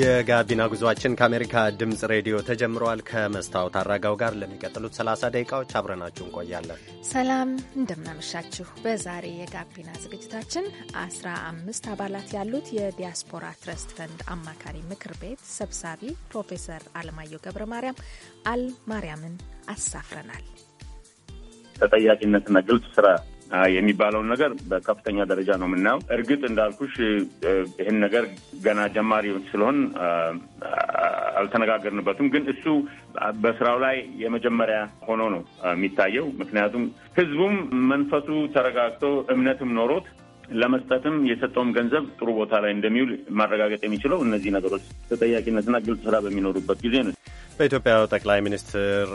የጋቢና ጉዞአችን ከአሜሪካ ድምፅ ሬዲዮ ተጀምረዋል። ከመስታወት አራጋው ጋር ለሚቀጥሉት 30 ደቂቃዎች አብረናችሁ እንቆያለን። ሰላም እንደምናመሻችሁ። በዛሬ የጋቢና ዝግጅታችን 15 አባላት ያሉት የዲያስፖራ ትረስት ፈንድ አማካሪ ምክር ቤት ሰብሳቢ ፕሮፌሰር አለማየሁ ገብረ ማርያም አልማርያምን አሳፍረናል። ተጠያቂነትና ግልጽ ስራ የሚባለውን ነገር በከፍተኛ ደረጃ ነው የምናየው። እርግጥ እንዳልኩሽ ይህን ነገር ገና ጀማሪ ስለሆን አልተነጋገርንበትም፣ ግን እሱ በስራው ላይ የመጀመሪያ ሆኖ ነው የሚታየው። ምክንያቱም ህዝቡም መንፈሱ ተረጋግቶ እምነትም ኖሮት ለመስጠትም የሰጠውም ገንዘብ ጥሩ ቦታ ላይ እንደሚውል ማረጋገጥ የሚችለው እነዚህ ነገሮች ተጠያቂነትና ግልጽ ስራ በሚኖሩበት ጊዜ ነው። በኢትዮጵያ ጠቅላይ ሚኒስትር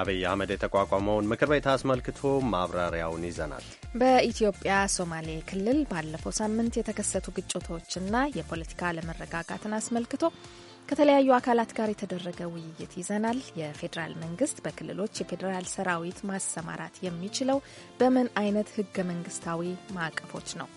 አብይ አህመድ የተቋቋመውን ምክር ቤት አስመልክቶ ማብራሪያውን ይዘናል። በኢትዮጵያ ሶማሌ ክልል ባለፈው ሳምንት የተከሰቱ ግጭቶችና የፖለቲካ አለመረጋጋትን አስመልክቶ ከተለያዩ አካላት ጋር የተደረገ ውይይት ይዘናል። የፌዴራል መንግስት በክልሎች የፌዴራል ሰራዊት ማሰማራት የሚችለው በምን አይነት ህገ መንግስታዊ ማዕቀፎች ነው?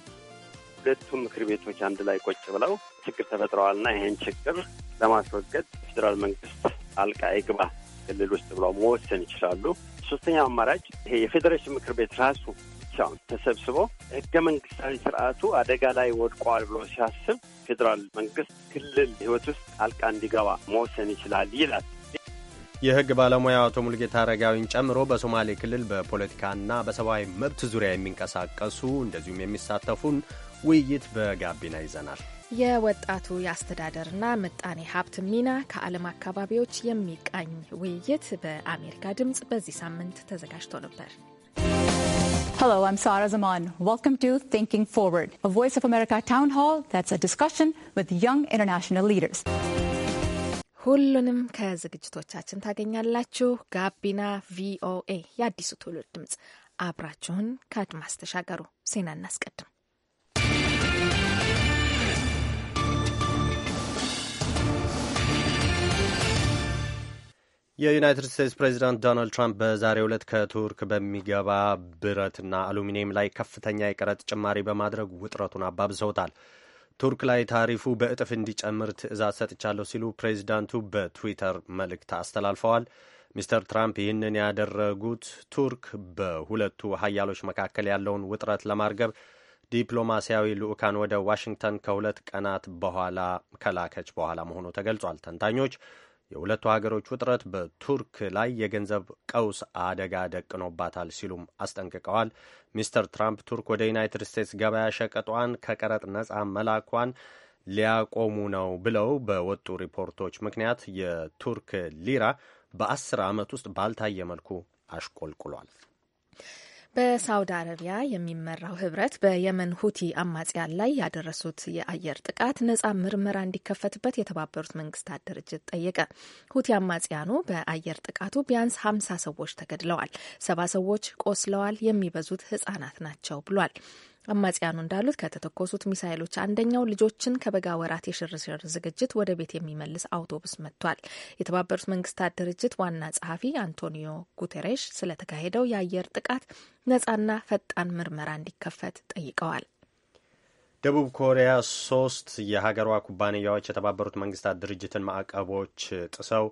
ሁለቱም ምክር ቤቶች አንድ ላይ ቆጭ ብለው ችግር ተፈጥረዋልና ይህን ችግር ለማስወገድ ፌዴራል መንግስት ጣልቃ ይግባ ክልል ውስጥ ብለው መወሰን ይችላሉ። ሶስተኛው አማራጭ ይሄ የፌዴሬሽን ምክር ቤት ራሱ ብቻውን ተሰብስቦ ህገ መንግስታዊ ስርዓቱ አደጋ ላይ ወድቋል ብሎ ሲያስብ ፌዴራል መንግስት ክልል ህይወት ውስጥ ጣልቃ እንዲገባ መወሰን ይችላል ይላል። የህግ ባለሙያው አቶ ሙልጌታ አረጋዊን ጨምሮ በሶማሌ ክልል በፖለቲካና በሰብአዊ መብት ዙሪያ የሚንቀሳቀሱ እንደዚሁም የሚሳተፉን ውይይት በጋቢና ይዘናል። የወጣቱ የአስተዳደርና ምጣኔ ሀብት ሚና ከዓለም አካባቢዎች የሚቃኝ ውይይት በአሜሪካ ድምፅ በዚህ ሳምንት ተዘጋጅቶ ነበር። Hello, I'm Sara Zaman. Welcome to Thinking Forward, a Voice of America town hall that's a discussion with young international leaders. ሁሉንም ከዝግጅቶቻችን ታገኛላችሁ። ጋቢና ቪኦኤ፣ የአዲሱ ትውልድ ድምፅ። አብራችሁን ከአድማስ ተሻገሩ። ዜና እናስቀድም። የዩናይትድ ስቴትስ ፕሬዚዳንት ዶናልድ ትራምፕ በዛሬው ዕለት ከቱርክ በሚገባ ብረትና አሉሚኒየም ላይ ከፍተኛ የቀረጥ ጭማሪ በማድረግ ውጥረቱን አባብሰውታል። ቱርክ ላይ ታሪፉ በእጥፍ እንዲጨምር ትዕዛዝ ሰጥቻለሁ ሲሉ ፕሬዚዳንቱ በትዊተር መልእክት አስተላልፈዋል። ሚስተር ትራምፕ ይህንን ያደረጉት ቱርክ በሁለቱ ሀያሎች መካከል ያለውን ውጥረት ለማርገብ ዲፕሎማሲያዊ ልዑካን ወደ ዋሽንግተን ከሁለት ቀናት በኋላ ከላከች በኋላ መሆኑ ተገልጿል። ተንታኞች የሁለቱ ሀገሮች ውጥረት በቱርክ ላይ የገንዘብ ቀውስ አደጋ ደቅኖባታል ሲሉም አስጠንቅቀዋል። ሚስተር ትራምፕ ቱርክ ወደ ዩናይትድ ስቴትስ ገበያ ሸቀጧን ከቀረጥ ነፃ መላኳን ሊያቆሙ ነው ብለው በወጡ ሪፖርቶች ምክንያት የቱርክ ሊራ በአስር ዓመት ውስጥ ባልታየ መልኩ አሽቆልቁሏል። በሳውዲ አረቢያ የሚመራው ህብረት በየመን ሁቲ አማጽያን ላይ ያደረሱት የአየር ጥቃት ነጻ ምርመራ እንዲከፈትበት የተባበሩት መንግስታት ድርጅት ጠየቀ። ሁቲ አማጽያኑ በአየር ጥቃቱ ቢያንስ ሀምሳ ሰዎች ተገድለዋል፣ ሰባ ሰዎች ቆስለዋል፣ የሚበዙት ህጻናት ናቸው ብሏል። አማጽያኑ እንዳሉት ከተተኮሱት ሚሳይሎች አንደኛው ልጆችን ከበጋ ወራት የሽርሽር ዝግጅት ወደ ቤት የሚመልስ አውቶቡስ መጥቷል። የተባበሩት መንግስታት ድርጅት ዋና ጸሐፊ አንቶኒዮ ጉቴሬሽ ስለተካሄደው የአየር ጥቃት ነጻና ፈጣን ምርመራ እንዲከፈት ጠይቀዋል። ደቡብ ኮሪያ ሶስት የሀገሯ ኩባንያዎች የተባበሩት መንግስታት ድርጅትን ማዕቀቦች ጥሰው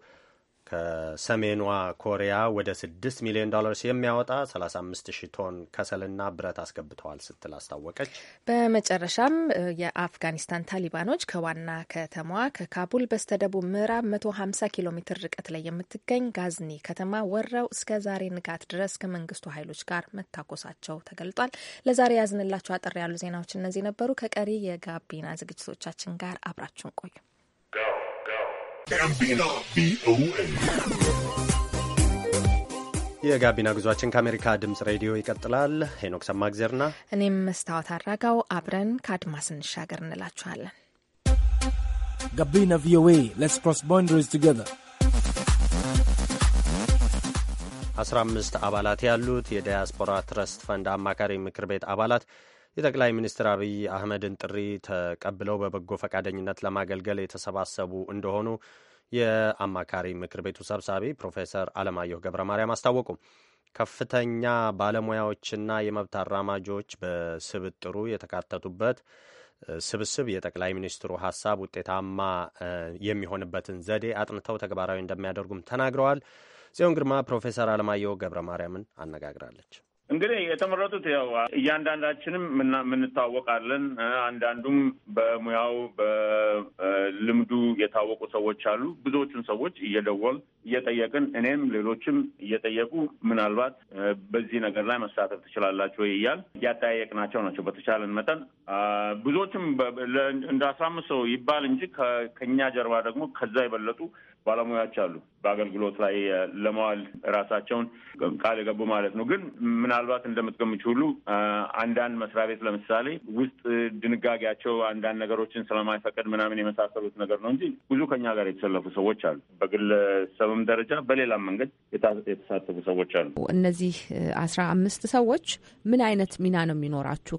ከሰሜኗ ኮሪያ ወደ 6 ሚሊዮን ዶላርስ የሚያወጣ 35 ሺህ ቶን ከሰልና ብረት አስገብተዋል ስትል አስታወቀች። በመጨረሻም የአፍጋኒስታን ታሊባኖች ከዋና ከተማዋ ከካቡል በስተደቡብ ምዕራብ 150 ኪሎ ሜትር ርቀት ላይ የምትገኝ ጋዝኒ ከተማ ወረው እስከ ዛሬ ንጋት ድረስ ከመንግስቱ ኃይሎች ጋር መታኮሳቸው ተገልጧል። ለዛሬ ያዝንላቸው አጠር ያሉ ዜናዎች እነዚህ ነበሩ። ከቀሪ የጋቢና ዝግጅቶቻችን ጋር አብራችሁን ቆዩ። ጋቢና ቪኦኤ የጋቢና ጉዟችን ከአሜሪካ ድምጽ ሬዲዮ ይቀጥላል። ሄኖክ ሰማግዜርና እኔም መስታወት አራጋው አብረን ከአድማስ እንሻገር እንላችኋለን። ጋቢና ቪኦኤ ሌትስ ክሮስ ቦንደሪስ ቱጌዘር አምስት አባላት ያሉት የዳያስፖራ ትረስት ፈንድ አማካሪ ምክር ቤት አባላት የጠቅላይ ሚኒስትር አብይ አህመድን ጥሪ ተቀብለው በበጎ ፈቃደኝነት ለማገልገል የተሰባሰቡ እንደሆኑ የአማካሪ ምክር ቤቱ ሰብሳቢ ፕሮፌሰር አለማየሁ ገብረ ማርያም አስታወቁ። ከፍተኛ ባለሙያዎችና የመብት አራማጆች በስብጥሩ የተካተቱበት ስብስብ የጠቅላይ ሚኒስትሩ ሀሳብ ውጤታማ የሚሆንበትን ዘዴ አጥንተው ተግባራዊ እንደሚያደርጉም ተናግረዋል። ጽዮን ግርማ ፕሮፌሰር አለማየሁ ገብረ ማርያምን አነጋግራለች። እንግዲህ የተመረጡት ያው እያንዳንዳችንም የምንታወቃለን። አንዳንዱም በሙያው በልምዱ የታወቁ ሰዎች አሉ። ብዙዎቹን ሰዎች እየደወል እየጠየቅን እኔም ሌሎችም እየጠየቁ ምናልባት በዚህ ነገር ላይ መሳተፍ ትችላላችሁ ወይ እያል እያጠያየቅናቸው ናቸው። በተቻለን መጠን ብዙዎችም እንደ አስራ አምስት ሰው ይባል እንጂ ከኛ ጀርባ ደግሞ ከዛ የበለጡ ባለሙያዎች አሉ። በአገልግሎት ላይ ለመዋል ራሳቸውን ቃል የገቡ ማለት ነው። ግን ምናልባት እንደምትገምች ሁሉ አንዳንድ መስሪያ ቤት ለምሳሌ ውስጥ ድንጋጌያቸው አንዳንድ ነገሮችን ስለማይፈቅድ ምናምን የመሳሰሉት ነገር ነው እንጂ ብዙ ከኛ ጋር የተሰለፉ ሰዎች አሉ። በግለሰብም ደረጃ በሌላም መንገድ የተሳተፉ ሰዎች አሉ። እነዚህ አስራ አምስት ሰዎች ምን አይነት ሚና ነው የሚኖራችሁ?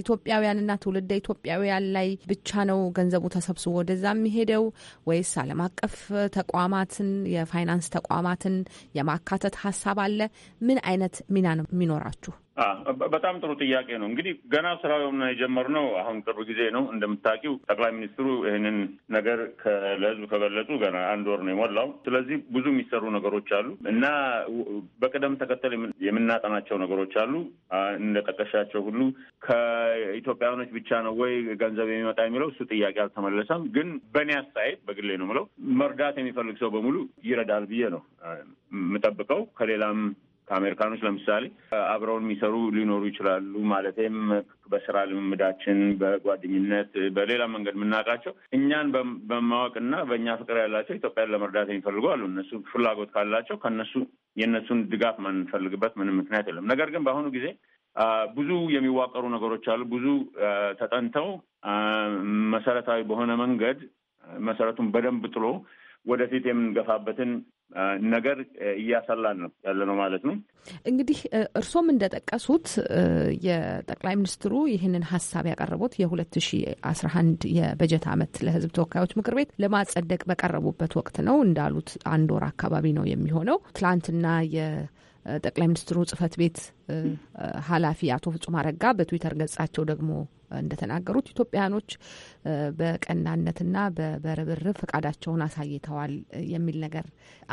ኢትዮጵያውያንና ትውልደ ኢትዮጵያውያን ላይ ብቻ ነው ገንዘቡ ተሰብስቦ ወደዛ የሚሄደው ወይስ ዓለም አቀፍ ተቋማትን የፋይናንስ ተቋማትን የማካተት ሀሳብ አለ። ምን አይነት ሚና ነው የሚኖራችሁ? በጣም ጥሩ ጥያቄ ነው። እንግዲህ ገና ስራውን የጀመርነው አሁን ቅርብ ጊዜ ነው። እንደምታውቂው ጠቅላይ ሚኒስትሩ ይህንን ነገር ለህዝብ ከገለጹ ገና አንድ ወር ነው የሞላው። ስለዚህ ብዙ የሚሰሩ ነገሮች አሉ እና በቅደም ተከተል የምናጠናቸው ነገሮች አሉ። እንደጠቀሻቸው ሁሉ ከኢትዮጵያውያኖች ብቻ ነው ወይ ገንዘብ የሚመጣ የሚለው እሱ ጥያቄ አልተመለሰም። ግን በእኔ አስተያየት በግሌ ነው የምለው መርዳት የሚፈልግ ሰው በሙሉ ይረዳል ብዬ ነው የምጠብቀው ከሌላም ከአሜሪካኖች ለምሳሌ አብረውን የሚሰሩ ሊኖሩ ይችላሉ። ማለትም በስራ ልምምዳችን፣ በጓደኝነት፣ በሌላ መንገድ የምናውቃቸው እኛን በማወቅና በእኛ ፍቅር ያላቸው ኢትዮጵያን ለመርዳት የሚፈልጉ አሉ። እነሱ ፍላጎት ካላቸው ከነሱ የእነሱን ድጋፍ ማንፈልግበት ምንም ምክንያት የለም። ነገር ግን በአሁኑ ጊዜ ብዙ የሚዋቀሩ ነገሮች አሉ። ብዙ ተጠንተው መሰረታዊ በሆነ መንገድ መሰረቱን በደንብ ጥሎ ወደፊት የምንገፋበትን ነገር እያሰላን ነው ያለ ነው ማለት ነው። እንግዲህ እርሶም እንደጠቀሱት የጠቅላይ ሚኒስትሩ ይህንን ሀሳብ ያቀረቡት የ2011 የበጀት ዓመት ለሕዝብ ተወካዮች ምክር ቤት ለማጸደቅ በቀረቡበት ወቅት ነው። እንዳሉት አንድ ወር አካባቢ ነው የሚሆነው። ትላንትና የጠቅላይ ሚኒስትሩ ጽህፈት ቤት ኃላፊ አቶ ፍጹም አረጋ በትዊተር ገጻቸው ደግሞ እንደተናገሩት ኢትዮጵያኖች በቀናነትና በርብርብ ፈቃዳቸውን አሳይተዋል የሚል ነገር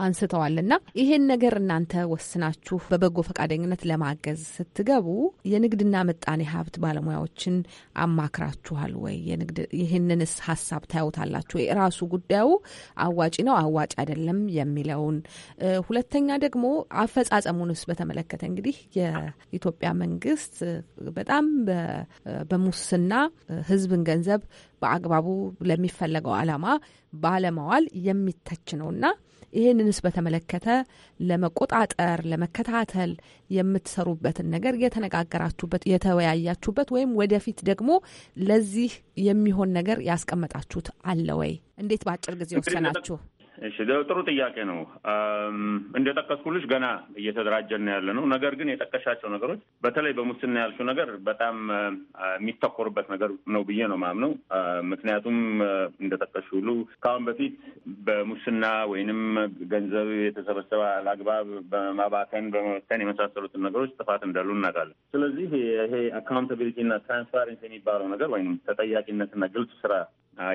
አንስተዋል እና ይሄን ነገር እናንተ ወስናችሁ በበጎ ፈቃደኝነት ለማገዝ ስትገቡ የንግድና ምጣኔ ሀብት ባለሙያዎችን አማክራችኋል ወይ? የንግድ ይህንንስ ሀሳብ ታዩታላችሁ? የራሱ ጉዳዩ አዋጭ ነው አዋጭ አይደለም የሚለውን ሁለተኛ ደግሞ አፈጻጸሙንስ በተመለከተ እንግዲህ የኢትዮጵያ መንግስት በጣም በሙስ ሙስና ህዝብን ገንዘብ በአግባቡ ለሚፈለገው አላማ ባለማዋል የሚተች ነውና ይህንንስ በተመለከተ ለመቆጣጠር ለመከታተል የምትሰሩበትን ነገር የተነጋገራችሁበት የተወያያችሁበት ወይም ወደፊት ደግሞ ለዚህ የሚሆን ነገር ያስቀመጣችሁት አለ ወይ? እንዴት በአጭር ጊዜ ወሰናችሁ? እሺ ጥሩ ጥያቄ ነው። እንደ ጠቀስኩልሽ ገና እየተደራጀን ነው ያለ ነው። ነገር ግን የጠቀሻቸው ነገሮች በተለይ በሙስና ያልሽው ነገር በጣም የሚተኮርበት ነገር ነው ብዬ ነው ማምነው። ምክንያቱም እንደ ጠቀስሽ ሁሉ ከአሁን በፊት በሙስና ወይንም ገንዘብ የተሰበሰበ አላግባብ በማባከን በመበተን የመሳሰሉትን ነገሮች ጥፋት እንዳሉ እናውቃለን። ስለዚህ ይሄ አካውንታቢሊቲ እና ትራንስፓረንሲ የሚባለው ነገር ወይም ተጠያቂነትና ግልጽ ስራ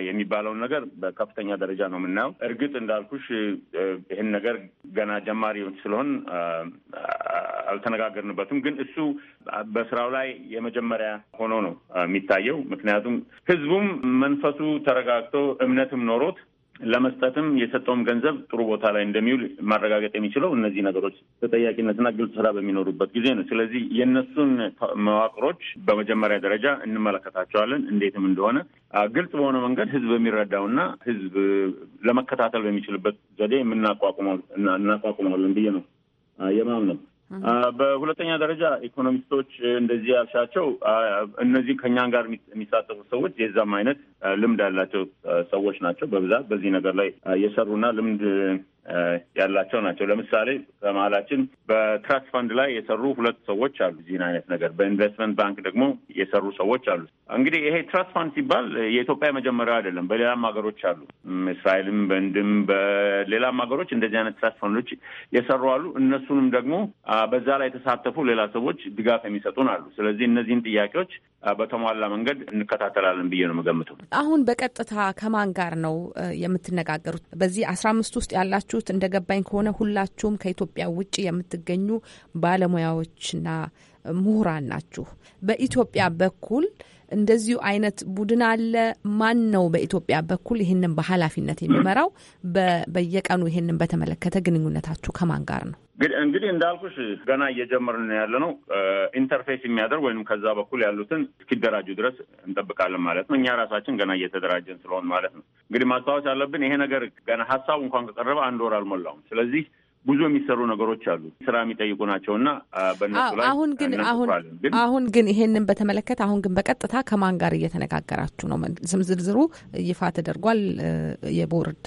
የሚባለውን ነገር በከፍተኛ ደረጃ ነው የምናየው። እርግጥ እንዳልኩሽ ይህን ነገር ገና ጀማሪ ስለሆን አልተነጋገርንበትም፣ ግን እሱ በስራው ላይ የመጀመሪያ ሆኖ ነው የሚታየው። ምክንያቱም ህዝቡም መንፈሱ ተረጋግቶ እምነትም ኖሮት ለመስጠትም የሰጠውም ገንዘብ ጥሩ ቦታ ላይ እንደሚውል ማረጋገጥ የሚችለው እነዚህ ነገሮች ተጠያቂነትና ግልጽ ስራ በሚኖሩበት ጊዜ ነው። ስለዚህ የእነሱን መዋቅሮች በመጀመሪያ ደረጃ እንመለከታቸዋለን። እንዴትም እንደሆነ ግልጽ በሆነ መንገድ ህዝብ የሚረዳውና ህዝብ ለመከታተል በሚችልበት ዘዴ እናቋቁመዋለን ብዬ ነው የማምነው። በሁለተኛ ደረጃ ኢኮኖሚስቶች እንደዚህ ያልሻቸው እነዚህ ከእኛን ጋር የሚሳተፉ ሰዎች የዛም አይነት ልምድ ያላቸው ሰዎች ናቸው። በብዛት በዚህ ነገር ላይ የሰሩና ልምድ ያላቸው ናቸው። ለምሳሌ በመሀላችን በትራስት ፈንድ ላይ የሰሩ ሁለት ሰዎች አሉ። እዚህን አይነት ነገር በኢንቨስትመንት ባንክ ደግሞ የሰሩ ሰዎች አሉ። እንግዲህ ይሄ ትራስት ፋንድ ሲባል የኢትዮጵያ መጀመሪያ አይደለም። በሌላም ሀገሮች አሉ። እስራኤልም፣ በህንድም፣ በሌላም ሀገሮች እንደዚህ አይነት ትራስት ፋንዶች የሰሩ አሉ። እነሱንም ደግሞ በዛ ላይ የተሳተፉ ሌላ ሰዎች ድጋፍ የሚሰጡን አሉ። ስለዚህ እነዚህን ጥያቄዎች በተሟላ መንገድ እንከታተላለን ብዬ ነው የምገምተው። አሁን በቀጥታ ከማን ጋር ነው የምትነጋገሩት? በዚህ አስራ አምስት ውስጥ ያላችሁ እንደገባኝ ከሆነ ሁላችሁም ከኢትዮጵያ ውጭ የምትገኙ ባለሙያዎችና ምሁራን ናችሁ። በኢትዮጵያ በኩል እንደዚሁ አይነት ቡድን አለ? ማን ነው በኢትዮጵያ በኩል ይህንን በኃላፊነት የሚመራው? በየቀኑ ይህንን በተመለከተ ግንኙነታችሁ ከማን ጋር ነው? እንግዲህ እንዳልኩሽ ገና እየጀመርን ያለ ነው። ኢንተርፌስ የሚያደርግ ወይም ከዛ በኩል ያሉትን እስኪደራጁ ድረስ እንጠብቃለን ማለት ነው። እኛ ራሳችን ገና እየተደራጀን ስለሆን ማለት ነው። እንግዲህ ማስታወስ ያለብን ይሄ ነገር ገና ሀሳቡ እንኳን ከቀረበ አንድ ወር አልሞላውም። ስለዚህ ብዙ የሚሰሩ ነገሮች አሉ፣ ስራ የሚጠይቁ ናቸው እና በእነሱ ላይ አሁን ግን አሁን አሁን ግን ይሄንን በተመለከተ አሁን ግን በቀጥታ ከማን ጋር እየተነጋገራችሁ ነው? ስም ዝርዝሩ ይፋ ተደርጓል፣ የቦርድ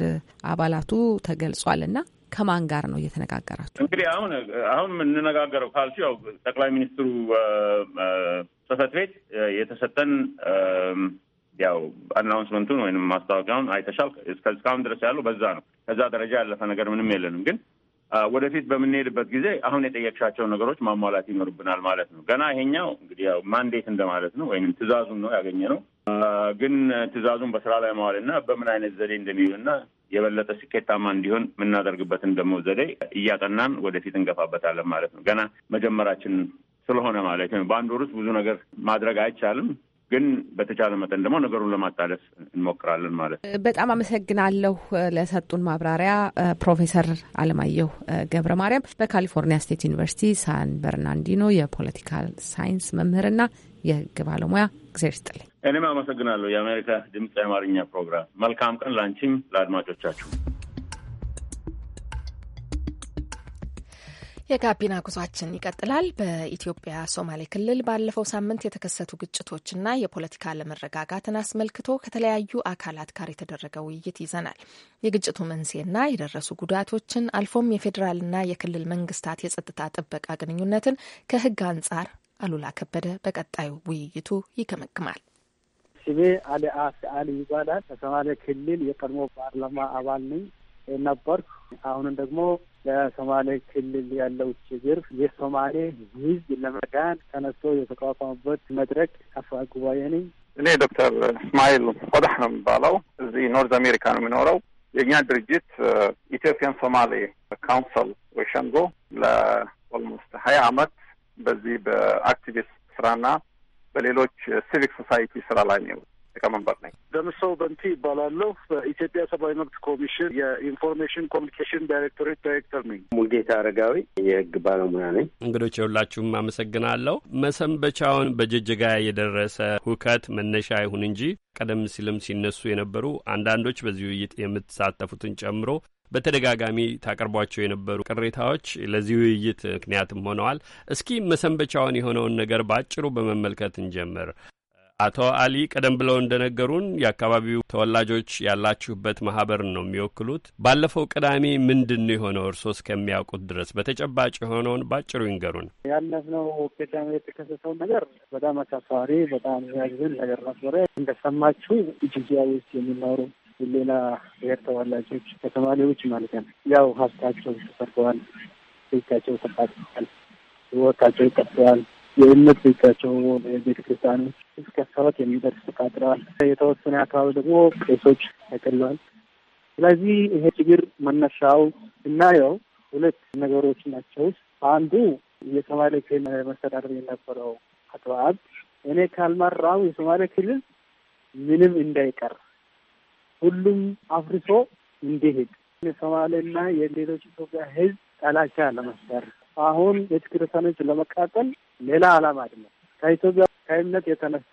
አባላቱ ተገልጿል እና ከማን ጋር ነው እየተነጋገራችሁ? እንግዲህ አሁን አሁን የምንነጋገረው ካልሽ ያው ጠቅላይ ሚኒስትሩ ጽህፈት ቤት የተሰጠን ያው አናውንስመንቱን ወይም ማስታወቂያውን አይተሻል። እስካሁን ድረስ ያለው በዛ ነው። ከዛ ደረጃ ያለፈ ነገር ምንም የለንም ግን ወደፊት በምንሄድበት ጊዜ አሁን የጠየቅሻቸው ነገሮች ማሟላት ይኖርብናል ማለት ነው። ገና ይሄኛው እንግዲህ ያው ማንዴት እንደማለት ነው ወይም ትእዛዙን ነው ያገኘ ነው። ግን ትእዛዙን በስራ ላይ መዋልና በምን አይነት ዘዴ እንደሚውልና የበለጠ ስኬታማ እንዲሆን የምናደርግበትን ደግሞ ዘዴ እያጠናን ወደፊት እንገፋበታለን ማለት ነው። ገና መጀመራችን ስለሆነ ማለት ነው። በአንድ ወር ውስጥ ብዙ ነገር ማድረግ አይቻልም። ግን በተቻለ መጠን ደግሞ ነገሩን ለማጣደፍ እንሞክራለን ማለት ነው። በጣም አመሰግናለሁ ለሰጡን ማብራሪያ ፕሮፌሰር አለማየሁ ገብረ ማርያም በካሊፎርኒያ ስቴት ዩኒቨርሲቲ ሳን በርናንዲኖ የፖለቲካል ሳይንስ መምህርና የህግ ባለሙያ። ጊዜ ይስጥልኝ። እኔም አመሰግናለሁ። የአሜሪካ ድምፅ የአማርኛ ፕሮግራም መልካም ቀን ላንቺም ለአድማጮቻችሁ። የጋቢና ጉዟችን ይቀጥላል። በኢትዮጵያ ሶማሌ ክልል ባለፈው ሳምንት የተከሰቱ ግጭቶችና የፖለቲካ አለመረጋጋትን አስመልክቶ ከተለያዩ አካላት ጋር የተደረገ ውይይት ይዘናል። የግጭቱ መንስኤና የደረሱ ጉዳቶችን አልፎም የፌዴራልና የክልል መንግስታት የጸጥታ ጥበቃ ግንኙነትን ከህግ አንጻር አሉላ ከበደ በቀጣዩ ውይይቱ ይገመግማል። ስሜ አሊ አፍ አሊ ይባላል። ከሶማሌ ክልል የቀድሞ ፓርላማ አባል ነኝ ነበርኩ። አሁንም ደግሞ ለሶማሌ ክልል ያለው ችግር የሶማሌ ህዝብ ለመዳን ተነስቶ የተቋቋሙበት መድረክ አፈ ጉባኤ ነኝ። እኔ ዶክተር እስማኤል ቆዳህ ነው የሚባለው። እዚህ ኖርዝ አሜሪካ ነው የሚኖረው። የእኛ ድርጅት ኢትዮጵያን ሶማሌ ካውንስል ወይ ሸንጎ ለኦልሞስት ሀያ አመት በዚህ በአክቲቪስት ስራና በሌሎች ሲቪክ ሶሳይቲ ስራ ላይ ነው ሊቀመንበር ነኝ። ደምሰው በንቲ ይባላለሁ። በኢትዮጵያ ሰብአዊ መብት ኮሚሽን የኢንፎርሜሽን ኮሚኒኬሽን ዳይሬክቶሬት ዳይሬክተር ነኝ። ሙልጌታ አረጋዊ የህግ ባለሙያ ነኝ። እንግዶች የሁላችሁም አመሰግናለሁ። መሰንበቻውን በጅጅጋ የደረሰ ሁከት መነሻ ይሁን እንጂ ቀደም ሲልም ሲነሱ የነበሩ አንዳንዶች በዚህ ውይይት የምትሳተፉትን ጨምሮ በተደጋጋሚ ታቀርቧቸው የነበሩ ቅሬታዎች ለዚህ ውይይት ምክንያትም ሆነዋል። እስኪ መሰንበቻውን የሆነውን ነገር በአጭሩ በመመልከት እንጀምር። አቶ አሊ ቀደም ብለው እንደነገሩን የአካባቢው ተወላጆች ያላችሁበት ማህበርን ነው የሚወክሉት። ባለፈው ቅዳሜ ምንድን ነው የሆነው? እርስዎ እስከሚያውቁት ድረስ በተጨባጭ የሆነውን ባጭሩ ይንገሩን። ያለፍነው ቅዳሜ የተከሰተው ነገር በጣም አሳፋሪ፣ በጣም ያዝን ነገር ነበረ። እንደሰማችሁ ኢትዮጵያ ውስጥ የሚኖሩ ሌላ ብሔር ተወላጆች ከተማሪዎች ማለት ነው ያው ሀብታቸው ተሰርተዋል፣ ቤታቸው ተቃጥሏል፣ ህይወታቸው ይቀጥለዋል። የእምነት ቤቻቸው ቤተ ክርስቲያኖች እስከ ሰባት የሚደርስ ተቃጥለዋል። የተወሰነ አካባቢ ደግሞ ቄሶች ተገድለዋል። ስለዚህ ይሄ ችግር መነሻው ስናየው ሁለት ነገሮች ናቸው። አንዱ የሶማሌ ክልል መስተዳደር የነበረው አግባብ እኔ ካልመራው የሶማሌ ክልል ምንም እንዳይቀር ሁሉም አፍርሶ እንዲሄድ የሶማሌና የሌሎች ኢትዮጵያ ሕዝብ ጠላቻ ለመፍጠር አሁን ቤተክርስቲያኖች ለመቃጠል ሌላ አላማ አይደለም። ከኢትዮጵያ ከእምነት የተነሳ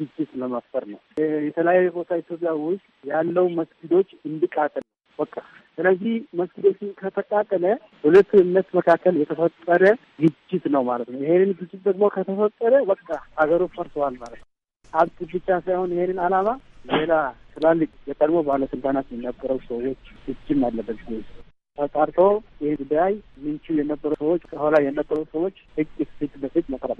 ግጭት ለማስፈር ነው። የተለያዩ ቦታ ኢትዮጵያ ውስጥ ያለው መስጊዶች እንዲቃጠል በቃ። ስለዚህ መስጊዶችን ከተቃጠለ ሁለቱ እምነት መካከል የተፈጠረ ግጭት ነው ማለት ነው። ይሄንን ግጭት ደግሞ ከተፈጠረ በቃ ሀገሩ ፈርሰዋል ማለት ነው። ሀብት ብቻ ሳይሆን ይሄንን አላማ ሌላ ትላልቅ የቀድሞ ባለስልጣናት የሚያገረው ሰዎች እጅም አለበት ተጣርቶ ይህ ጉዳይ ምንቹ የነበሩ ሰዎች ከኋላ የነበሩ ሰዎች ህግ ፊት በፊት መቅረብ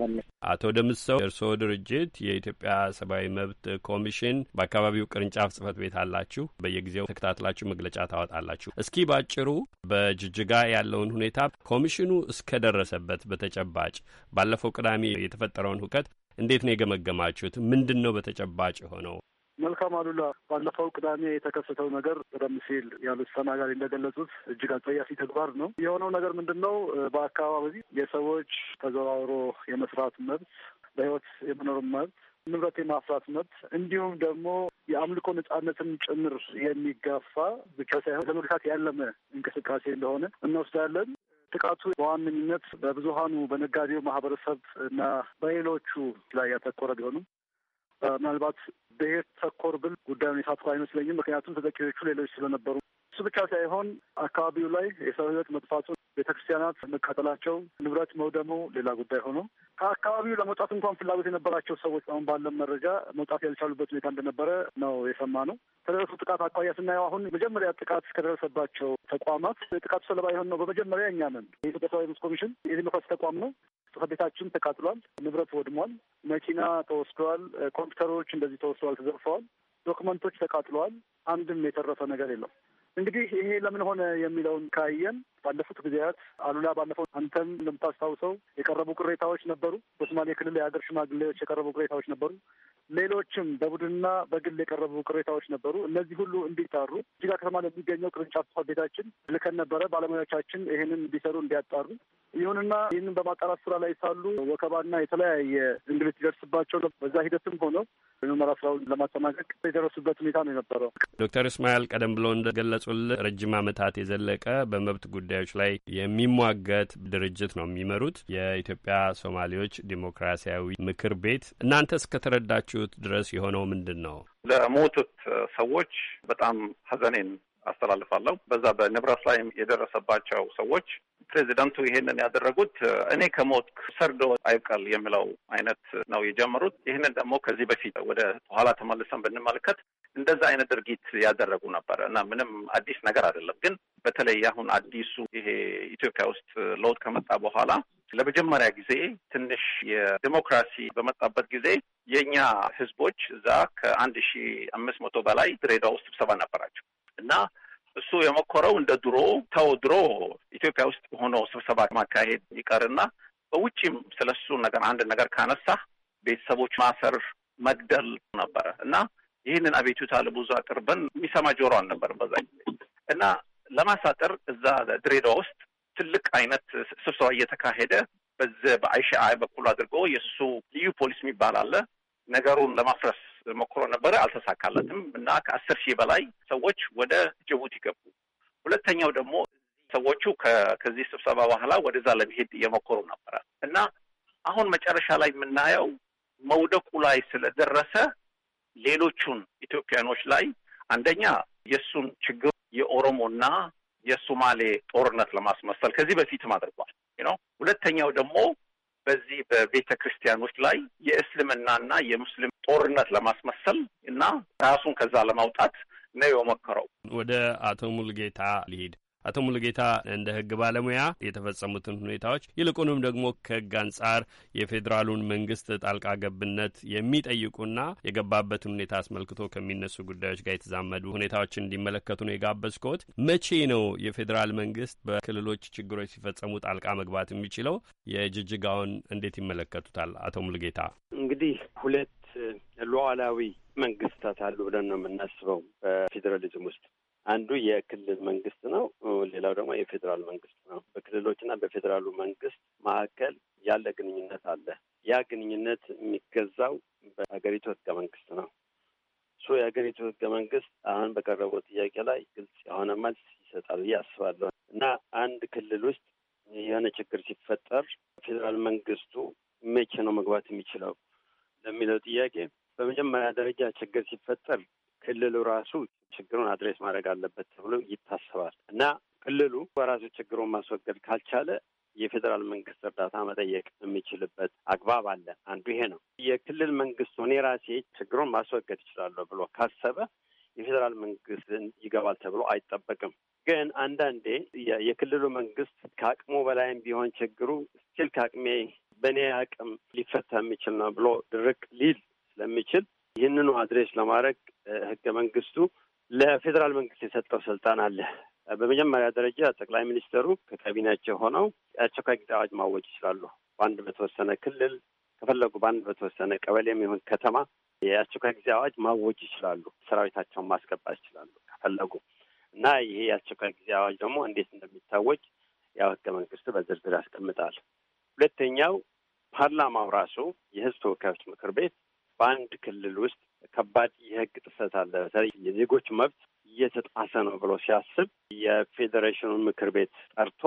አቶ ደምሰው እርስዎ ድርጅት የኢትዮጵያ ሰብአዊ መብት ኮሚሽን በአካባቢው ቅርንጫፍ ጽህፈት ቤት አላችሁ። በየጊዜው ተከታትላችሁ መግለጫ ታወጣላችሁ። እስኪ ባጭሩ በጅጅጋ ያለውን ሁኔታ ኮሚሽኑ እስከደረሰበት በተጨባጭ ባለፈው ቅዳሜ የተፈጠረውን ሁከት እንዴት ነው የገመገማችሁት? ምንድን ነው በተጨባጭ የሆነው? መልካም አሉላ፣ ባለፈው ቅዳሜ የተከሰተው ነገር ቀደም ሲል ያሉት ተናጋሪ እንደገለጹት እጅግ አጸያፊ ተግባር ነው። የሆነው ነገር ምንድን ነው? በአካባቢ የሰዎች ተዘዋውሮ የመስራት መብት፣ በህይወት የመኖር መብት፣ ንብረት የማፍራት መብት እንዲሁም ደግሞ የአምልኮ ነጻነትን ጭምር የሚጋፋ ብቻ ሳይሆን ለመግታት ያለመ እንቅስቃሴ እንደሆነ እንወስዳለን። ጥቃቱ በዋነኝነት በብዙሀኑ በነጋዴው ማህበረሰብ እና በሌሎቹ ላይ ያተኮረ ቢሆንም ምናልባት ብሔር ተኮር ብል ጉዳዩን የሳትኩ አይመስለኝም። ምክንያቱም ተጠቂዎቹ ሌሎች ስለነበሩ እሱ ብቻ ሳይሆን አካባቢው ላይ የሰው ህይወት መጥፋቱ፣ ቤተክርስቲያናት መቃጠላቸው፣ ንብረት መውደሙ ሌላ ጉዳይ ሆኖ ከአካባቢው ለመውጣት እንኳን ፍላጎት የነበራቸው ሰዎች አሁን ባለን መረጃ መውጣት ያልቻሉበት ሁኔታ እንደነበረ ነው የሰማ ነው። ከደረሱ ጥቃት አኳያ ስናየው አሁን መጀመሪያ ጥቃት እስከደረሰባቸው ተቋማት ጥቃቱ ሰለባ የሆን ነው በመጀመሪያ እኛ ነን። የኢትዮጵያ ሰብአዊ መብት ኮሚሽን የዲሞክራሲ ተቋም ነው። ጽሕፈት ቤታችን ተቃጥሏል፣ ንብረት ወድሟል፣ መኪና ተወስደዋል፣ ኮምፒውተሮች እንደዚህ ተወስደዋል፣ ተዘርፈዋል፣ ዶክመንቶች ተቃጥለዋል። አንድም የተረፈ ነገር የለም። እንግዲህ ይሄ ለምን ሆነ የሚለውን ካየን ባለፉት ጊዜያት አሉላ፣ ባለፈው አንተም እንደምታስታውሰው የቀረቡ ቅሬታዎች ነበሩ። በሶማሌ ክልል የሀገር ሽማግሌዎች የቀረቡ ቅሬታዎች ነበሩ። ሌሎችም በቡድንና በግል የቀረቡ ቅሬታዎች ነበሩ። እነዚህ ሁሉ እንዲጣሩ እጅጋ ከተማ ለሚገኘው ቅርንጫፍ ጽሕፈት ቤታችን ልከን ነበረ። ባለሙያዎቻችን ይህንን እንዲሰሩ እንዲያጣሩ ይሁንና ይህንን በማጣራት ስራ ላይ ሳሉ ወከባና የተለያየ እንግልት ይደርስባቸው በዛ ሂደትም ሆነው የምርመራ ስራውን ለማጠናቀቅ የደረሱበት ሁኔታ ነው የነበረው። ዶክተር እስማኤል ቀደም ብሎ እንደገለጹል ረጅም ዓመታት የዘለቀ በመብት ጉዳዮች ላይ የሚሟገት ድርጅት ነው የሚመሩት የኢትዮጵያ ሶማሌዎች ዲሞክራሲያዊ ምክር ቤት። እናንተ እስከተረዳችሁት ድረስ የሆነው ምንድን ነው? ለሞቱት ሰዎች በጣም ሀዘኔን አስተላልፋለሁ። በዛ በንብረት ላይ የደረሰባቸው ሰዎች ፕሬዚደንቱ ይሄንን ያደረጉት እኔ ከሞት ሰርዶ አይብቀል የሚለው አይነት ነው የጀመሩት። ይህንን ደግሞ ከዚህ በፊት ወደ ኋላ ተመልሰን ብንመለከት እንደዛ አይነት ድርጊት ያደረጉ ነበር እና ምንም አዲስ ነገር አይደለም። ግን በተለይ አሁን አዲሱ ይሄ ኢትዮጵያ ውስጥ ለውጥ ከመጣ በኋላ ለመጀመሪያ ጊዜ ትንሽ የዲሞክራሲ በመጣበት ጊዜ የእኛ ህዝቦች እዛ ከአንድ ሺ አምስት መቶ በላይ ድሬዳዋ ውስጥ ስብሰባ ነበራቸው እና እሱ የሞከረው እንደ ድሮ ተው ድሮ ኢትዮጵያ ውስጥ ሆኖ ስብሰባ ማካሄድ ይቀርና በውጭም ስለ እሱ ነገር አንድ ነገር ካነሳ ቤተሰቦች ማሰር፣ መግደል ነበረ እና ይህንን አቤቱታ ለብዙ አቅርበን የሚሰማ ጆሮ አልነበርም በዛ ጊዜ እና ለማሳጠር እዛ ድሬዳዋ ውስጥ ትልቅ አይነት ስብሰባ እየተካሄደ በዚ በአይሻ በኩል አድርጎ የእሱ ልዩ ፖሊስ የሚባል አለ ነገሩን ለማፍረስ ሞክሮ ነበረ፣ አልተሳካለትም እና ከአስር ሺህ በላይ ሰዎች ወደ ጅቡቲ ገቡ። ሁለተኛው ደግሞ ሰዎቹ ከዚህ ስብሰባ በኋላ ወደዛ ለመሄድ እየሞከሩ ነበረ እና አሁን መጨረሻ ላይ የምናየው መውደቁ ላይ ስለደረሰ ሌሎቹን ኢትዮጵያኖች ላይ አንደኛ የእሱን ችግር የኦሮሞና የሶማሌ ጦርነት ለማስመሰል ከዚህ በፊትም አድርጓል ነው። ሁለተኛው ደግሞ በዚህ በቤተ ክርስቲያን ውስጥ ላይ የእስልምናና የሙስሊም ጦርነት ለማስመሰል እና ራሱን ከዛ ለማውጣት ነው የሞከረው። ወደ አቶ ሙልጌታ ሊሄድ አቶ ሙሉጌታ እንደ ህግ ባለሙያ የተፈጸሙትን ሁኔታዎች ይልቁንም ደግሞ ከህግ አንጻር የፌዴራሉን መንግስት ጣልቃ ገብነት የሚጠይቁና የገባበትን ሁኔታ አስመልክቶ ከሚነሱ ጉዳዮች ጋር የተዛመዱ ሁኔታዎችን እንዲመለከቱ ነው የጋበዝኩት። መቼ ነው የፌዴራል መንግስት በክልሎች ችግሮች ሲፈጸሙ ጣልቃ መግባት የሚችለው? የጅጅጋውን እንዴት ይመለከቱታል? አቶ ሙሉጌታ እንግዲህ ሁለት ሉዓላዊ መንግስታት አሉ ብለን ነው የምናስበው በፌዴራሊዝም ውስጥ አንዱ የክልል መንግስት ነው፣ ሌላው ደግሞ የፌዴራል መንግስት ነው። በክልሎችና በፌዴራሉ መንግስት መካከል ያለ ግንኙነት አለ። ያ ግንኙነት የሚገዛው በሀገሪቱ ህገ መንግስት ነው። እሱ የሀገሪቱ ህገ መንግስት አሁን በቀረበው ጥያቄ ላይ ግልጽ የሆነ መልስ ይሰጣል ብዬ አስባለሁ እና አንድ ክልል ውስጥ የሆነ ችግር ሲፈጠር ፌዴራል መንግስቱ መቼ ነው መግባት የሚችለው ለሚለው ጥያቄ በመጀመሪያ ደረጃ ችግር ሲፈጠር ክልሉ ራሱ ችግሩን አድሬስ ማድረግ አለበት ተብሎ ይታሰባል እና ክልሉ በራሱ ችግሩን ማስወገድ ካልቻለ የፌዴራል መንግስት እርዳታ መጠየቅ የሚችልበት አግባብ አለ። አንዱ ይሄ ነው። የክልል መንግስት እኔ ራሴ ችግሩን ማስወገድ እችላለሁ ብሎ ካሰበ የፌዴራል መንግስት ይገባል ተብሎ አይጠበቅም። ግን አንዳንዴ የክልሉ መንግስት ከአቅሙ በላይም ቢሆን ችግሩ ስቲል ከአቅሜ በእኔ አቅም ሊፈታ የሚችል ነው ብሎ ድርቅ ሊል ስለሚችል ይህንኑ አድሬስ ለማድረግ ህገ መንግስቱ ለፌዴራል መንግስት የሰጠው ስልጣን አለ። በመጀመሪያ ደረጃ ጠቅላይ ሚኒስትሩ ከካቢናቸው ሆነው የአስቸኳይ ጊዜ አዋጅ ማወጅ ይችላሉ። በአንድ በተወሰነ ክልል ከፈለጉ በአንድ በተወሰነ ቀበሌም ይሁን ከተማ የአስቸኳይ ጊዜ አዋጅ ማወጅ ይችላሉ። ሰራዊታቸውን ማስገባት ይችላሉ ከፈለጉ እና ይሄ የአስቸኳይ ጊዜ አዋጅ ደግሞ እንዴት እንደሚታወጅ ያው ህገ መንግስቱ በዝርዝር ያስቀምጣል። ሁለተኛው ፓርላማው ራሱ የህዝብ ተወካዮች ምክር ቤት በአንድ ክልል ውስጥ ከባድ የህግ ጥሰት አለ፣ በተለይ የዜጎች መብት እየተጣሰ ነው ብሎ ሲያስብ የፌዴሬሽኑን ምክር ቤት ጠርቶ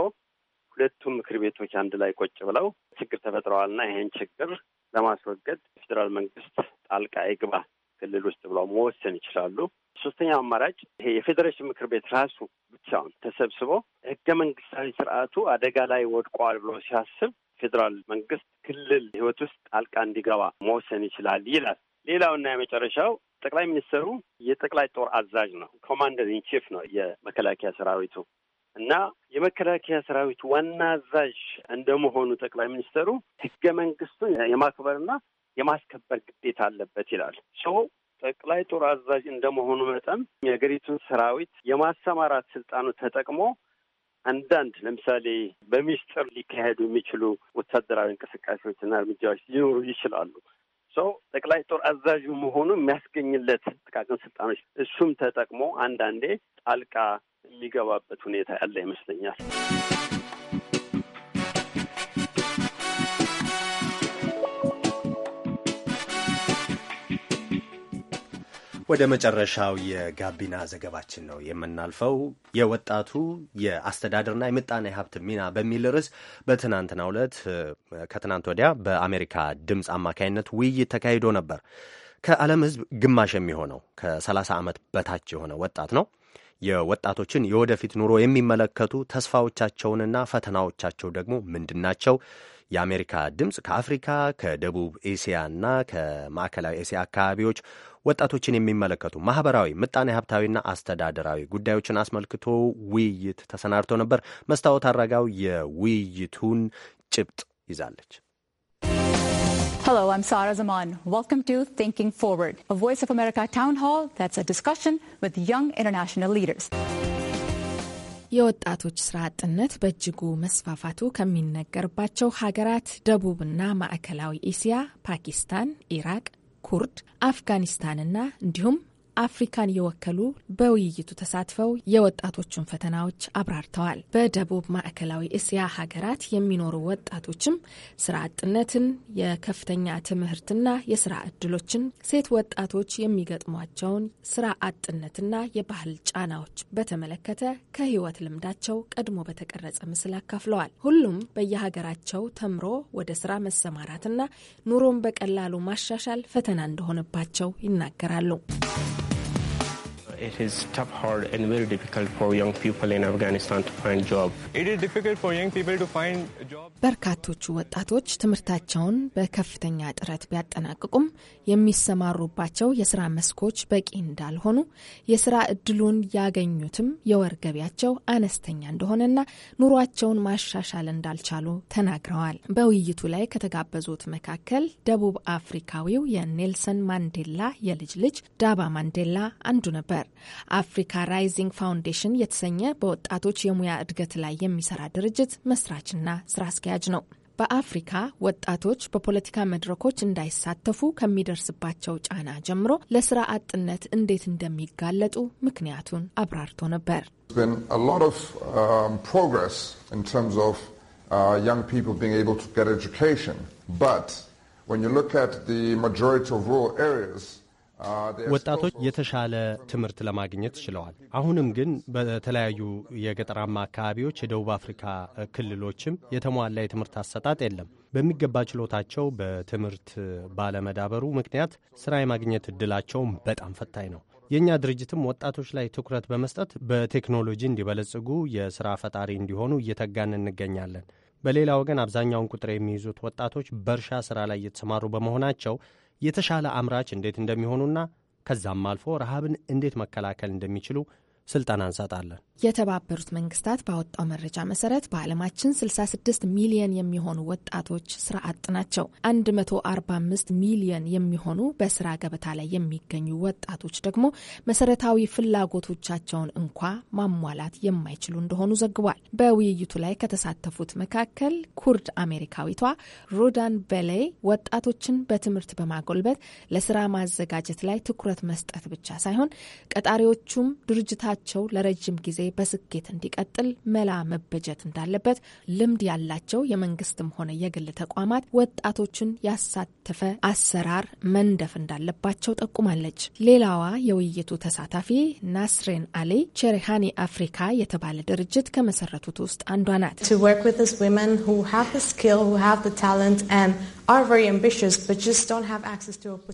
ሁለቱም ምክር ቤቶች አንድ ላይ ቆጭ ብለው ችግር ተፈጥረዋል ይህን ችግር ለማስወገድ ፌዴራል መንግስት ጣልቃ ይግባ ክልል ውስጥ ብለው መወሰን ይችላሉ። ሶስተኛው አማራጭ ይሄ የፌዴሬሽን ምክር ቤት ራሱ ብቻውን ተሰብስቦ ህገ መንግስታዊ ስርዓቱ አደጋ ላይ ወድቋል ብሎ ሲያስብ ፌዴራል መንግስት ክልል ህይወት ውስጥ ጣልቃ እንዲገባ መወሰን ይችላል ይላል። ሌላውና የመጨረሻው ጠቅላይ ሚኒስትሩ የጠቅላይ ጦር አዛዥ ነው፣ ኮማንደር ኢን ቺፍ ነው የመከላከያ ሰራዊቱ እና የመከላከያ ሰራዊቱ ዋና አዛዥ እንደመሆኑ ጠቅላይ ሚኒስትሩ ህገ መንግስቱን የማክበርና የማስከበር ግዴታ አለበት ይላል። ጠቅላይ ጦር አዛዥ እንደመሆኑ መጠን የሀገሪቱን ሰራዊት የማሰማራት ስልጣኑ ተጠቅሞ አንዳንድ ለምሳሌ በሚስጥር ሊካሄዱ የሚችሉ ወታደራዊ እንቅስቃሴዎችና እርምጃዎች ሊኖሩ ይችላሉ። ሰው ጠቅላይ ጦር አዛዡ መሆኑ የሚያስገኝለት ጥቃቅን ስልጣኖች እሱም ተጠቅሞ አንዳንዴ ጣልቃ የሚገባበት ሁኔታ ያለ ይመስለኛል። ወደ መጨረሻው የጋቢና ዘገባችን ነው የምናልፈው። የወጣቱ የአስተዳደርና የምጣኔ ሀብት ሚና በሚል ርዕስ በትናንትናው ዕለት ከትናንት ወዲያ በአሜሪካ ድምፅ አማካይነት ውይይት ተካሂዶ ነበር። ከዓለም ሕዝብ ግማሽ የሚሆነው ከ30 ዓመት በታች የሆነ ወጣት ነው። የወጣቶችን የወደፊት ኑሮ የሚመለከቱ ተስፋዎቻቸውንና ፈተናዎቻቸው ደግሞ ምንድናቸው? የአሜሪካ ድምፅ ከአፍሪካ ከደቡብ ኤስያ እና ከማዕከላዊ ኤስያ አካባቢዎች ወጣቶችን የሚመለከቱ ማህበራዊ፣ ምጣኔ ሀብታዊና አስተዳደራዊ ጉዳዮችን አስመልክቶ ውይይት ተሰናድቶ ነበር። መስታወት አረጋው የውይይቱን ጭብጥ ይዛለች። Hello, I'm Sara Zaman. Welcome to Thinking Forward, a Voice of America town hall that's a discussion with young international leaders. የወጣቶች ስራ አጥነት በእጅጉ መስፋፋቱ ከሚነገርባቸው ሀገራት ደቡብና ማዕከላዊ እስያ፣ ፓኪስታን፣ ኢራቅ ኩርድ፣ አፍጋኒስታንና እንዲሁም አፍሪካን የወከሉ በውይይቱ ተሳትፈው የወጣቶቹን ፈተናዎች አብራርተዋል። በደቡብ ማዕከላዊ እስያ ሀገራት የሚኖሩ ወጣቶችም ስራ አጥነትን፣ የከፍተኛ ትምህርትና የስራ እድሎችን፣ ሴት ወጣቶች የሚገጥሟቸውን ስራ አጥነትና የባህል ጫናዎች በተመለከተ ከህይወት ልምዳቸው ቀድሞ በተቀረጸ ምስል አካፍለዋል። ሁሉም በየሀገራቸው ተምሮ ወደ ስራ መሰማራትና ኑሮን በቀላሉ ማሻሻል ፈተና እንደሆነባቸው ይናገራሉ። it is tough, hard, and very difficult for young people in Afghanistan to find job. It is difficult for young people to find a job. በርካቶቹ ወጣቶች ትምህርታቸውን በከፍተኛ ጥረት ቢያጠናቅቁም የሚሰማሩባቸው የስራ መስኮች በቂ እንዳልሆኑ፣ የስራ እድሉን ያገኙትም የወር ገቢያቸው አነስተኛ እንደሆነና ኑሯቸውን ማሻሻል እንዳልቻሉ ተናግረዋል። በውይይቱ ላይ ከተጋበዙት መካከል ደቡብ አፍሪካዊው የኔልሰን ማንዴላ የልጅ ልጅ ዳባ ማንዴላ አንዱ ነበር። አፍሪካ ራይዚንግ ፋውንዴሽን የተሰኘ በወጣቶች የሙያ እድገት ላይ የሚሰራ ድርጅት መስራችና ስራ አስኪያጅ ነው። በአፍሪካ ወጣቶች በፖለቲካ መድረኮች እንዳይሳተፉ ከሚደርስባቸው ጫና ጀምሮ ለስራ አጥነት እንዴት እንደሚጋለጡ ምክንያቱን አብራርቶ ነበር። ወጣቶች የተሻለ ትምህርት ለማግኘት ችለዋል። አሁንም ግን በተለያዩ የገጠራማ አካባቢዎች የደቡብ አፍሪካ ክልሎችም የተሟላ የትምህርት አሰጣጥ የለም። በሚገባ ችሎታቸው በትምህርት ባለመዳበሩ ምክንያት ስራ የማግኘት እድላቸውም በጣም ፈታኝ ነው። የእኛ ድርጅትም ወጣቶች ላይ ትኩረት በመስጠት በቴክኖሎጂ እንዲበለጽጉ፣ የስራ ፈጣሪ እንዲሆኑ እየተጋን እንገኛለን። በሌላ ወገን አብዛኛውን ቁጥር የሚይዙት ወጣቶች በእርሻ ስራ ላይ እየተሰማሩ በመሆናቸው የተሻለ አምራች እንዴት እንደሚሆኑና ከዛም አልፎ ረሃብን እንዴት መከላከል እንደሚችሉ ስልጠና እንሰጣለን። የተባበሩት መንግስታት ባወጣው መረጃ መሰረት በዓለማችን 66 ሚሊየን የሚሆኑ ወጣቶች ስራ አጥ ናቸው። 145 ሚሊየን የሚሆኑ በስራ ገበታ ላይ የሚገኙ ወጣቶች ደግሞ መሰረታዊ ፍላጎቶቻቸውን እንኳ ማሟላት የማይችሉ እንደሆኑ ዘግቧል። በውይይቱ ላይ ከተሳተፉት መካከል ኩርድ አሜሪካዊቷ ሮዳን በሌይ ወጣቶችን በትምህርት በማጎልበት ለስራ ማዘጋጀት ላይ ትኩረት መስጠት ብቻ ሳይሆን ቀጣሪዎቹም ድርጅታቸው ለረጅም ጊዜ በስኬት እንዲቀጥል መላ መበጀት እንዳለበት ልምድ ያላቸው የመንግስትም ሆነ የግል ተቋማት ወጣቶችን ያሳተፈ አሰራር መንደፍ እንዳለባቸው ጠቁማለች። ሌላዋ የውይይቱ ተሳታፊ ናስሬን አሊ ቸሪሃኒ አፍሪካ የተባለ ድርጅት ከመሰረቱት ውስጥ አንዷ ናት።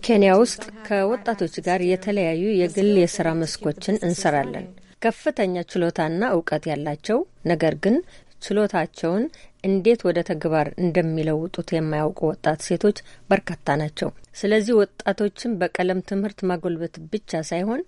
ኬንያ ውስጥ ከወጣቶች ጋር የተለያዩ የግል የስራ መስኮችን እንሰራለን። ከፍተኛ ችሎታና እውቀት ያላቸው ነገር ግን ችሎታቸውን እንዴት ወደ ተግባር እንደሚለውጡት የማያውቁ ወጣት ሴቶች በርካታ ናቸው። ስለዚህ ወጣቶችን በቀለም ትምህርት ማጎልበት ብቻ ሳይሆን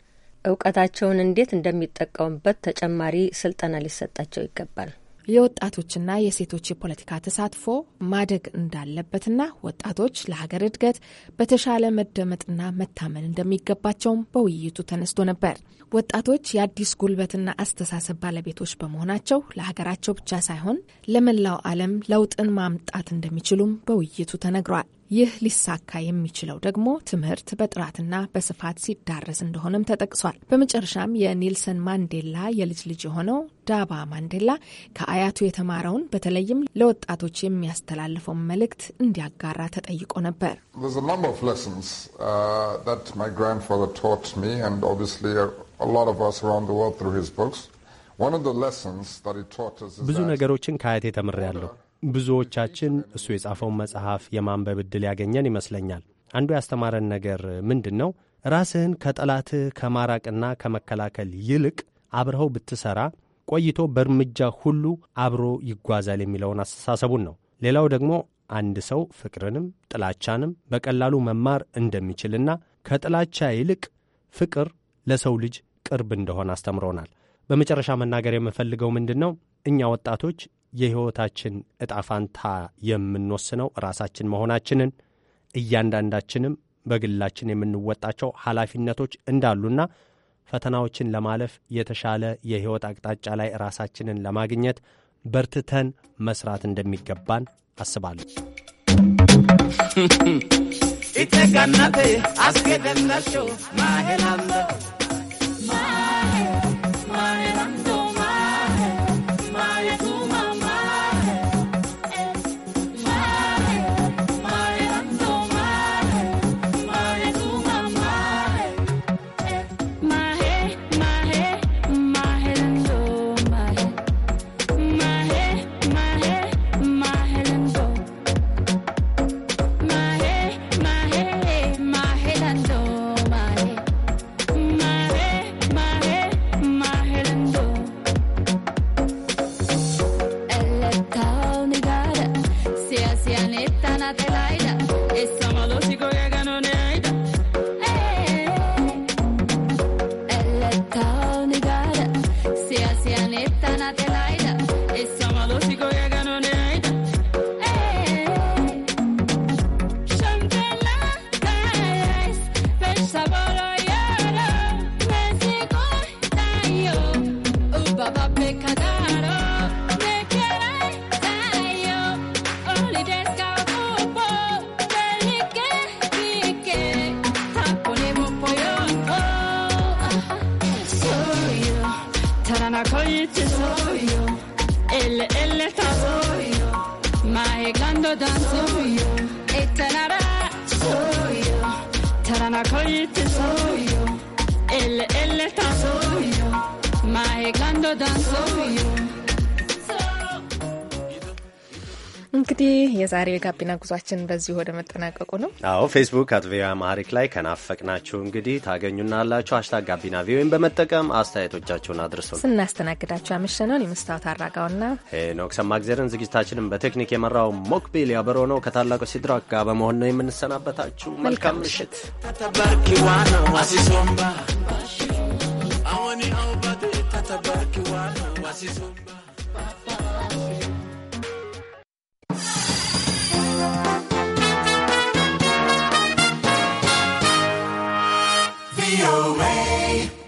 እውቀታቸውን እንዴት እንደሚጠቀሙበት ተጨማሪ ስልጠና ሊሰጣቸው ይገባል። የወጣቶችና የሴቶች የፖለቲካ ተሳትፎ ማደግ እንዳለበትና ወጣቶች ለሀገር እድገት በተሻለ መደመጥና መታመን እንደሚገባቸውም በውይይቱ ተነስቶ ነበር። ወጣቶች የአዲስ ጉልበትና አስተሳሰብ ባለቤቶች በመሆናቸው ለሀገራቸው ብቻ ሳይሆን ለመላው ዓለም ለውጥን ማምጣት እንደሚችሉም በውይይቱ ተነግሯል። ይህ ሊሳካ የሚችለው ደግሞ ትምህርት በጥራትና በስፋት ሲዳረስ እንደሆነም ተጠቅሷል። በመጨረሻም የኔልሰን ማንዴላ የልጅ ልጅ የሆነው ዳባ ማንዴላ ከአያቱ የተማረውን በተለይም ለወጣቶች የሚያስተላልፈውን መልእክት እንዲያጋራ ተጠይቆ ነበር። uh, ብዙ ነገሮችን ከአያቴ ተምሬያለሁ። ብዙዎቻችን እሱ የጻፈውን መጽሐፍ የማንበብ ዕድል ያገኘን ይመስለኛል። አንዱ ያስተማረን ነገር ምንድን ነው? ራስህን ከጠላትህ ከማራቅና ከመከላከል ይልቅ አብረኸው ብትሠራ ቆይቶ በእርምጃ ሁሉ አብሮ ይጓዛል የሚለውን አስተሳሰቡን ነው። ሌላው ደግሞ አንድ ሰው ፍቅርንም ጥላቻንም በቀላሉ መማር እንደሚችልና ከጥላቻ ይልቅ ፍቅር ለሰው ልጅ ቅርብ እንደሆነ አስተምሮናል። በመጨረሻ መናገር የምፈልገው ምንድን ነው፣ እኛ ወጣቶች የሕይወታችን ዕጣ ፋንታ የምንወስነው ራሳችን መሆናችንን እያንዳንዳችንም በግላችን የምንወጣቸው ኃላፊነቶች እንዳሉና ፈተናዎችን ለማለፍ የተሻለ የሕይወት አቅጣጫ ላይ ራሳችንን ለማግኘት በርትተን መስራት እንደሚገባን አስባለሁ። ኢተጋናቴ አስገደላቸው ማሄላለሁ no danzo io e Tanara so io Tarana colte so io e le tanzo io ma e quando danzo io እንግዲህ የዛሬ የጋቢና ጉዟችን በዚሁ ወደ መጠናቀቁ ነው። አዎ ፌስቡክ አት ቪኦኤ አማሪክ ላይ ከናፈቅናችሁ እንግዲህ ታገኙናላችሁ። ሀሽታግ ጋቢና ቪኦኤን በመጠቀም አስተያየቶቻችሁን አድርሱ። ስናስተናግዳችሁ ያመሸነውን የመስታወት አራጋውና ሄኖክ ሰማግዜርን፣ ዝግጅታችንን በቴክኒክ የመራው ሞክቢል ያበሮ ነው። ከታላቁ ሲድራክ ጋር በመሆን ነው የምንሰናበታችሁ። መልካም ምሽት።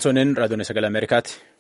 Tooneen raadiyoon sagalee Ameerikaati.